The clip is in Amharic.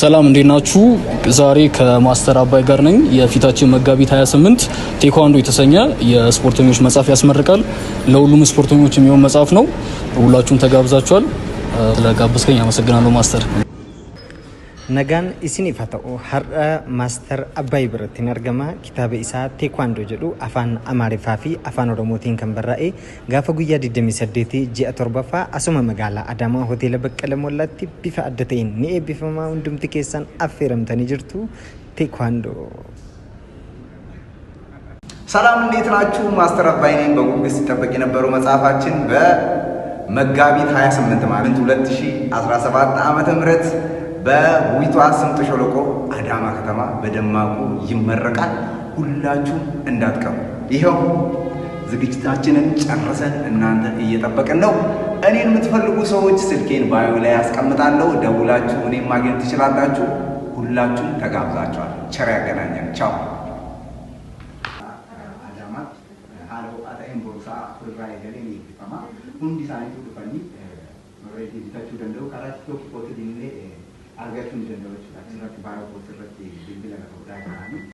ሰላም እንዴት ናችሁ? ዛሬ ከማስተር አባይ ጋር ነኝ። የፊታችን መጋቢት 28 ቴኳንዶ የተሰኘ የስፖርተኞች መጽሐፍ ያስመርቃል። ለሁሉም ስፖርተኞች የሚሆን መጽሐፍ ነው። ሁላችሁም ተጋብዛችኋል። ስለጋበዝከኝ አመሰግናለሁ ማስተር። Nagaan isiniif haa ta'u har'a maaster Abbaay biratti ni argama. Kitaaba isaa Teekwaandoo jedhu afaan Amaariffaa fi afaan Oromootiin kan barraa'e gaafa guyyaa 28 ji'a torbaffaa asuma magaalaa Adaamaa hoteela Baqqala Mollaatti bifa adda ta'een ni eebbifamaa hundumti keessan affeeramtanii jirtu Teekwaandoo. ሰላም እንዴት ናችሁ? ማስተር አባይ ነኝ። በጉጉት ሲጠበቅ የነበረው መጽሐፋችን በመጋቢት 28 ማለት 2017 ዓመተ ምህረት በውቢቷ ስምጥ ሸለቆ አዳማ ከተማ በደማቁ ይመረቃል። ሁላችሁም እንዳትቀሩ። ይኸው ዝግጅታችንን ጨርሰን እናንተ እየጠበቅን ነው። እኔን የምትፈልጉ ሰዎች ስልኬን ባዩ ላይ ያስቀምጣለሁ። ደውላችሁ እኔም ማግኘት ትችላላችሁ። ሁላችሁም ተጋብዛችኋል። ቸር ያገናኘን። ቻው። ሁንዲሳኒቱ ዱፈኒ ሬ ደንደው ካራት ቶኪ ኮት argachuun ni danda'amachuu dha. Asirratti baara obbo Sirratti bilbila lafa godhaa